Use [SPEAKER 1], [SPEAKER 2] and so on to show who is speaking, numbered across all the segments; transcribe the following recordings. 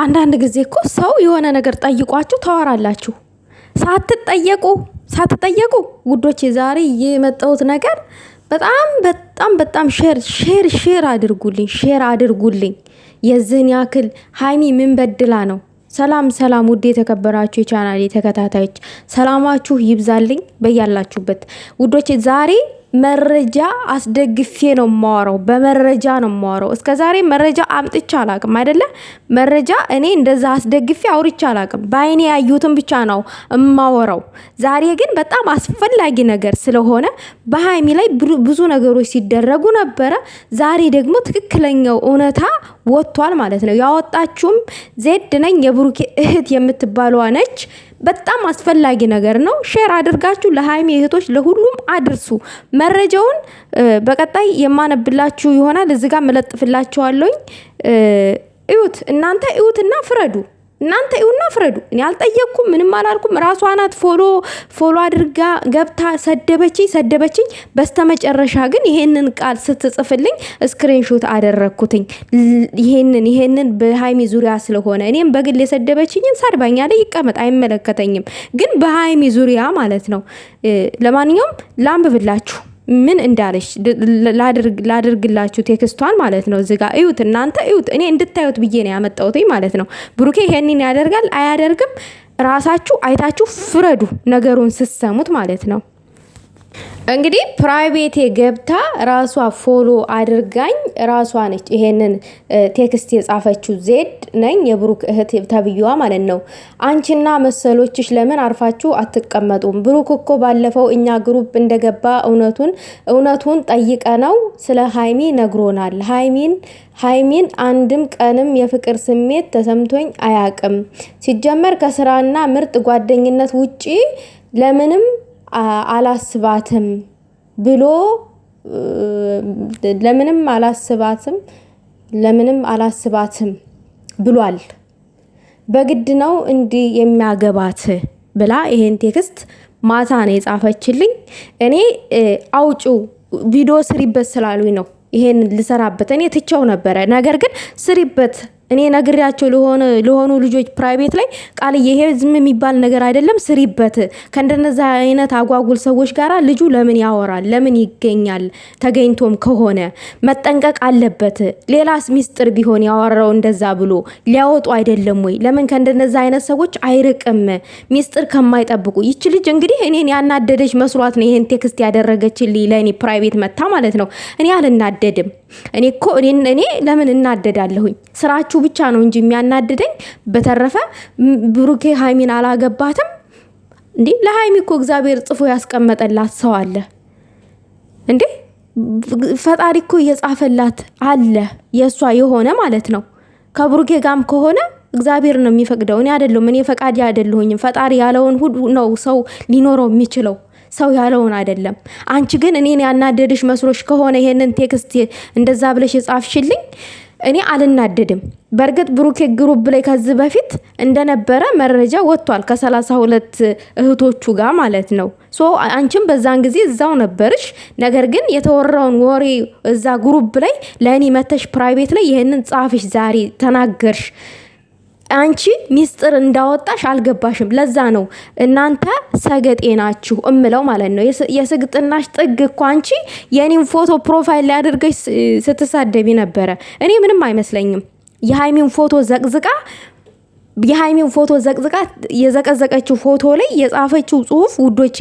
[SPEAKER 1] አንዳንድ ጊዜ እኮ ሰው የሆነ ነገር ጠይቋችሁ ታወራላችሁ ሳትጠየቁ ሳትጠየቁ። ውዶች ዛሬ የመጣሁት ነገር በጣም በጣም በጣም ሼር ሼር ሼር አድርጉልኝ፣ ሼር አድርጉልኝ። የዚህን ያክል ሀይሚ ምን በድላ ነው? ሰላም ሰላም፣ ውድ የተከበራችሁ የቻናሌ ተከታታዮች ሰላማችሁ ይብዛልኝ በያላችሁበት ውዶች ዛሬ መረጃ አስደግፌ ነው የማወራው። በመረጃ ነው የማወራው። እስከ ዛሬ መረጃ አምጥቼ አላቅም አይደለ? መረጃ እኔ እንደዛ አስደግፌ አውርቼ አላቅም። በአይኔ ያዩትን ብቻ ነው እማወራው። ዛሬ ግን በጣም አስፈላጊ ነገር ስለሆነ በሀይሚ ላይ ብዙ ነገሮች ሲደረጉ ነበረ። ዛሬ ደግሞ ትክክለኛው እውነታ ወጥቷል ማለት ነው። ያወጣችሁም ዜድ ነኝ የብሩኬ እህት የምትባለዋ ነች። በጣም አስፈላጊ ነገር ነው። ሼር አድርጋችሁ ለሀይሚ እህቶች ለሁሉም አድርሱ። መረጃውን በቀጣይ የማነብላችሁ ይሆናል። እዚህ ጋር መለጥፍላችኋለሁኝ። እዩት፣ እናንተ እዩትና ፍረዱ። እናንተ ይሁና ፍረዱ። እኔ አልጠየቅኩም፣ ምንም አላልኩም። ራሷ ናት ፎሎ ፎሎ አድርጋ ገብታ ሰደበችኝ ሰደበችኝ። በስተመጨረሻ ግን ይሄንን ቃል ስትጽፍልኝ ስክሪንሾት አደረግኩትኝ። ይሄንን ይሄንን በሃይሚ ዙሪያ ስለሆነ እኔም በግል የሰደበችኝን ሳድባኛ ላይ ይቀመጥ አይመለከተኝም፣ ግን በሃይሚ ዙሪያ ማለት ነው። ለማንኛውም ላምብብላችሁ ምን እንዳለች ላድርግላችሁ ቴክስቷን ማለት ነው። እዚጋ እዩት፣ እናንተ እዩት። እኔ እንድታዩት ብዬ ነው ያመጣሁትኝ ማለት ነው። ብሩኬ ይሄንን ያደርጋል አያደርግም፣ ራሳችሁ አይታችሁ ፍረዱ ነገሩን ስትሰሙት ማለት ነው። እንግዲህ ፕራይቬቴ ገብታ ራሷ ፎሎ አድርጋኝ ራሷ ነች ይሄንን ቴክስት የጻፈችው። ዜድ ነኝ የብሩክ እህት ተብዬዋ ማለት ነው። አንቺና መሰሎችሽ ለምን አርፋችሁ አትቀመጡም? ብሩክ እኮ ባለፈው እኛ ግሩፕ እንደገባ እውነቱን እውነቱን ጠይቀ ነው ስለ ሀይሚ ነግሮናል። ሀይሚን ሀይሚን አንድም ቀንም የፍቅር ስሜት ተሰምቶኝ አያቅም። ሲጀመር ከስራና ምርጥ ጓደኝነት ውጪ ለምንም አላስባትም ብሎ ለምንም አላስባትም ለምንም አላስባትም ብሏል። በግድ ነው እንዲህ የሚያገባት ብላ ይሄን ቴክስት ማታ ነው የጻፈችልኝ። እኔ አውጩ ቪዲዮ ስሪበት ስላሉኝ ነው ይሄን ልሰራበት። እኔ ትቸው ነበረ፣ ነገር ግን ስሪበት እኔ ነግሬያቸው ለሆኑ ልጆች ፕራይቬት ላይ ቃል ይሄ ዝም የሚባል ነገር አይደለም፣ ስሪበት። ከእንደነዛ አይነት አጓጉል ሰዎች ጋራ ልጁ ለምን ያወራል? ለምን ይገኛል? ተገኝቶም ከሆነ መጠንቀቅ አለበት። ሌላስ ሚስጥር ቢሆን ያወራው እንደዛ ብሎ ሊያወጡ አይደለም ወይ? ለምን ከእንደነዛ አይነት ሰዎች አይርቅም? ሚስጥር ከማይጠብቁ ይች ልጅ እንግዲህ እኔን ያናደደች መስሏት ነው ይሄን ቴክስት ያደረገችልኝ ለእኔ ፕራይቬት መታ ማለት ነው። እኔ አልናደድም። እኔ እኮ እኔ ለምን እናደዳለሁኝ? ስራችሁ ብቻ ነው እንጂ የሚያናድደኝ። በተረፈ ብሩኬ ሀይሚን አላገባትም እንዴ? ለሀይሚ እኮ እግዚአብሔር ጽፎ ያስቀመጠላት ሰው አለ እንዴ? ፈጣሪ እኮ እየጻፈላት አለ የእሷ የሆነ ማለት ነው። ከብሩኬ ጋም ከሆነ እግዚአብሔር ነው የሚፈቅደው። እኔ አይደለሁም፣ እኔ ፈቃድ አይደለሁኝም። ፈጣሪ ያለውን ሁሉ ነው ሰው ሊኖረው የሚችለው፣ ሰው ያለውን አይደለም። አንቺ ግን እኔን ያናደድሽ መስሎሽ ከሆነ ይሄንን ቴክስት እንደዛ ብለሽ የጻፍሽልኝ እኔ አልናደድም። በእርግጥ ብሩኬ ግሩብ ላይ ከዚህ በፊት እንደነበረ መረጃ ወጥቷል፣ ከሰላሳ ሁለት እህቶቹ ጋር ማለት ነው። ሶ አንቺም በዛን ጊዜ እዛው ነበርሽ። ነገር ግን የተወራውን ወሬ እዛ ግሩብ ላይ ለእኔ መተሽ ፕራይቬት ላይ ይህንን ጻፍሽ፣ ዛሬ ተናገርሽ። አንቺ ሚስጥር እንዳወጣሽ አልገባሽም። ለዛ ነው እናንተ ሰገጤ ናችሁ እምለው ማለት ነው። የስግጥናሽ ጥግ እኮ አንቺ የኔም ፎቶ ፕሮፋይል ላይ አድርገሽ ስትሳደቢ ነበረ። እኔ ምንም አይመስለኝም። የሃይሚን ፎቶ ዘቅዝቃ የሃይሚን ፎቶ ዘቅዝቃ የዘቀዘቀችው ፎቶ ላይ የጻፈችው ጽሁፍ ውዶቼ፣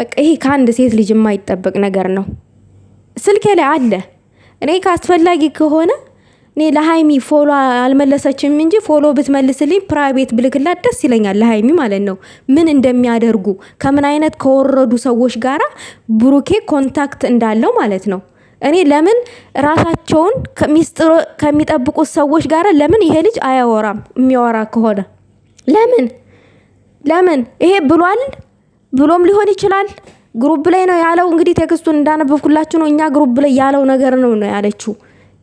[SPEAKER 1] በቃ ይሄ ከአንድ ሴት ልጅ የማይጠበቅ ነገር ነው። ስልኬ ላይ አለ እኔ ከአስፈላጊ ከሆነ እኔ ለሀይሚ ፎሎ አልመለሰችም እንጂ ፎሎ ብትመልስልኝ ፕራይቬት ብልክላት ደስ ይለኛል። ለሀይሚ ማለት ነው ምን እንደሚያደርጉ ከምን አይነት ከወረዱ ሰዎች ጋራ ብሩኬ ኮንታክት እንዳለው ማለት ነው። እኔ ለምን ራሳቸውን ከሚጠብቁት ሰዎች ጋር ለምን ይሄ ልጅ አያወራም? የሚያወራ ከሆነ ለምን ለምን ይሄ ብሏል ብሎም ሊሆን ይችላል። ግሩፕ ላይ ነው ያለው። እንግዲህ ቴክስቱን እንዳነበብኩላችሁ ነው። እኛ ግሩብ ላይ ያለው ነገር ነው ነው ያለችው።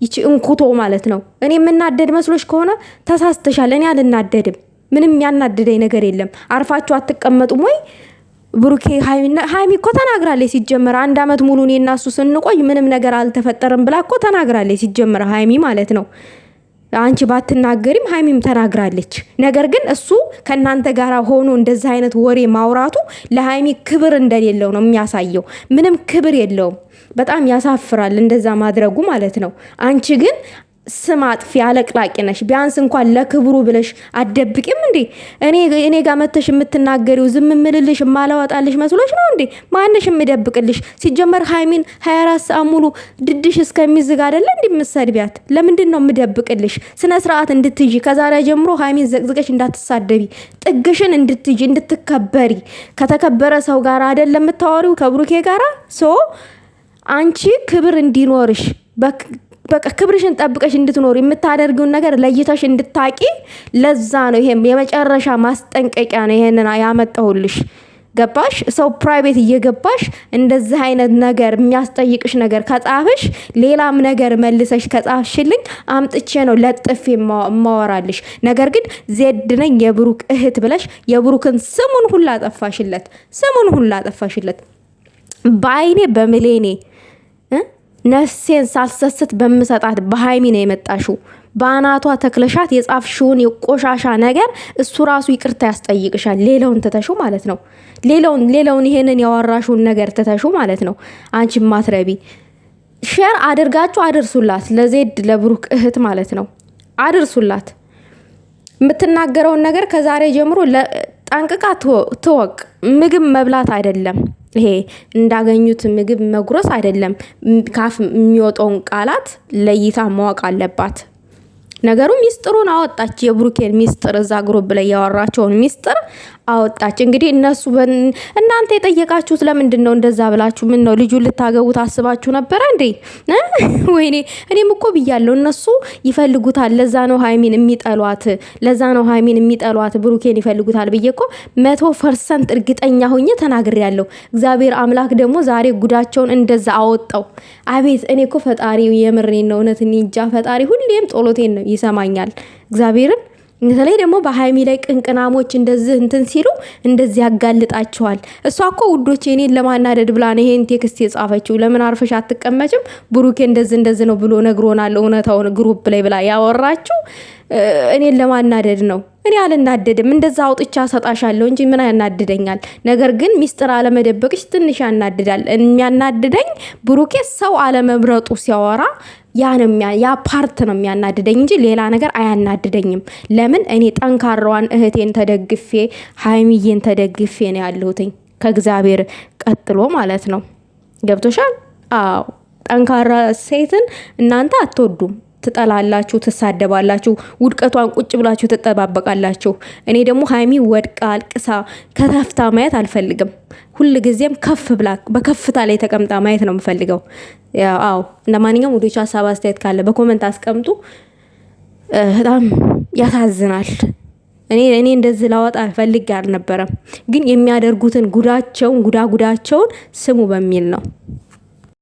[SPEAKER 1] ይቺ እንኩቶ ማለት ነው። እኔ የምናደድ መስሎች ከሆነ ተሳስተሻል። እኔ አልናደድም። ምንም ያናደደኝ ነገር የለም። አርፋችሁ አትቀመጡም ወይ? ብሩኬ ሀይሚ እኮ ተናግራለች። ሲጀመር አንድ አመት ሙሉ እኔ እና እሱ ስንቆይ ምንም ነገር አልተፈጠርም ብላ እኮ ተናግራለች። ሲጀመር ሀይሚ ማለት ነው። አንቺ ባትናገሪም ሀይሚም ተናግራለች። ነገር ግን እሱ ከእናንተ ጋር ሆኖ እንደዚህ አይነት ወሬ ማውራቱ ለሀይሚ ክብር እንደሌለው ነው የሚያሳየው። ምንም ክብር የለውም። በጣም ያሳፍራል እንደዛ ማድረጉ ማለት ነው። አንቺ ግን ስም አጥፊ አለቅላቂ ነሽ። ቢያንስ እንኳን ለክብሩ ብለሽ አትደብቂም እንዴ? እኔ ጋር መተሽ የምትናገሪው ዝም ምልልሽ የማላወጣልሽ መስሎች ነው እንዴ? ማንሽ የምደብቅልሽ? ሲጀመር ሀይሚን ሀያ አራት ሰዓት ሙሉ ድድሽ እስከሚዝግ አደለ እንዲ ምሰድቢያት? ለምንድን ነው የምደብቅልሽ? ስነ ስርዓት እንድትይ ከዛሬ ጀምሮ ሀይሚን ዘቅዝቀሽ እንዳትሳደቢ፣ ጥግሽን እንድትይ እንድትከበሪ። ከተከበረ ሰው ጋር አደለ የምታወሪው ከብሩኬ ጋራ ሶ አንቺ ክብር እንዲኖርሽ በቃ ክብርሽን ጠብቀሽ እንድትኖር የምታደርጊውን ነገር ለይተሽ እንድታቂ። ለዛ ነው ይሄም የመጨረሻ ማስጠንቀቂያ ነው ይሄንን ያመጣሁልሽ። ገባሽ? ሰው ፕራይቬት እየገባሽ እንደዚህ አይነት ነገር የሚያስጠይቅሽ ነገር ከጻፍሽ፣ ሌላም ነገር መልሰሽ ከጻፍሽልኝ አምጥቼ ነው ለጥፌ እማወራልሽ። ነገር ግን ዜድ ነኝ የብሩክ እህት ብለሽ የብሩክን ስሙን ሁላ ጠፋሽለት፣ ስሙን ሁላ ጠፋሽለት። በአይኔ በምሌኔ ነፍሴን ሳልሰስት በምሰጣት በሀይሚ ነው የመጣሽው። በአናቷ ተክለሻት የጻፍሽውን የቆሻሻ ነገር እሱ ራሱ ይቅርታ ያስጠይቅሻል። ሌላውን ትተሹ ማለት ነው። ሌላውን ሌላውን ይሄንን ያወራሽውን ነገር ትተሹ ማለት ነው። አንቺ ማትረቢ ሼር አድርጋችሁ አድርሱላት፣ ለዜድ ለብሩክ እህት ማለት ነው። አድርሱላት የምትናገረውን ነገር ከዛሬ ጀምሮ ጠንቅቃ ትወቅ። ምግብ መብላት አይደለም ይሄ እንዳገኙት ምግብ መጉረስ አይደለም። ካፍ የሚወጣውን ቃላት ለይታ ማወቅ አለባት። ነገሩ ሚስጥሩን አወጣች። የብሩኬን ሚስጥር እዛ ግሩብ ላይ ያወራቸውን ሚስጥር አወጣች። እንግዲህ እነሱ እናንተ የጠየቃችሁት ለምንድን ነው? እንደዛ ብላችሁ ምን ነው ልጁን ልታገቡ ታስባችሁ ነበረ እንዴ? ወይኔ እኔም እኮ ብያለሁ። እነሱ ይፈልጉታል። ለዛ ነው ሀይሚን የሚጠሏት፣ ለዛ ነው ሀይሚን የሚጠሏት። ብሩኬን ይፈልጉታል ብዬ እኮ መቶ ፐርሰንት እርግጠኛ ሆኜ ተናግሬያለሁ። እግዚአብሔር አምላክ ደግሞ ዛሬ ጉዳቸውን እንደዛ አወጣው። አቤት እኔ እኮ ፈጣሪ የምሬን ነው እውነት እንጃ። ፈጣሪ ሁሌም ጦሎቴን ነው ይሰማኛል እግዚአብሔርን። በተለይ ደግሞ በሀይሚ ላይ ቅንቅናሞች እንደዚህ እንትን ሲሉ እንደዚህ ያጋልጣቸዋል። እሷ እኮ ውዶች እኔን ለማናደድ ብላ ነው ይሄን ቴክስት የጻፈችው። ለምን አርፈሽ አትቀመጭም ብሩኬ እንደዚህ እንደዚህ ነው ብሎ ነግሮናል እውነታውን ግሩፕ ላይ ብላ ያወራችው እኔን ለማናደድ ነው። እኔ አልናደድም፣ እንደዛ አውጥቻ ሰጣሻለሁ እንጂ ምን ያናድደኛል? ነገር ግን ሚስጥር አለመደበቅሽ ትንሽ ያናድዳል። የሚያናድደኝ ብሩኬ ሰው አለመምረጡ ሲያወራ ያ ፓርት ነው የሚያናድደኝ እንጂ ሌላ ነገር አያናድደኝም። ለምን እኔ ጠንካራዋን እህቴን ተደግፌ ሀይሚዬን ተደግፌ ነው ያለሁትኝ ከእግዚአብሔር ቀጥሎ ማለት ነው። ገብቶሻል? አዎ ጠንካራ ሴትን እናንተ አትወዱም። ትጠላላችሁ፣ ትሳደባላችሁ፣ ውድቀቷን ቁጭ ብላችሁ ትጠባበቃላችሁ። እኔ ደግሞ ሀይሚ ወድቃ አልቅሳ ከተፍታ ማየት አልፈልግም። ሁል ጊዜም ከፍ ብላ በከፍታ ላይ ተቀምጣ ማየት ነው የምፈልገው። አዎ እንደማንኛውም ውዶች ሀሳብ አስተያየት ካለ በኮመንት አስቀምጡ። በጣም ያሳዝናል። እኔ እኔ እንደዚህ ላወጣ ፈልግ አልነበረም፣ ግን የሚያደርጉትን ጉዳቸውን ጉዳጉዳቸውን ስሙ በሚል ነው።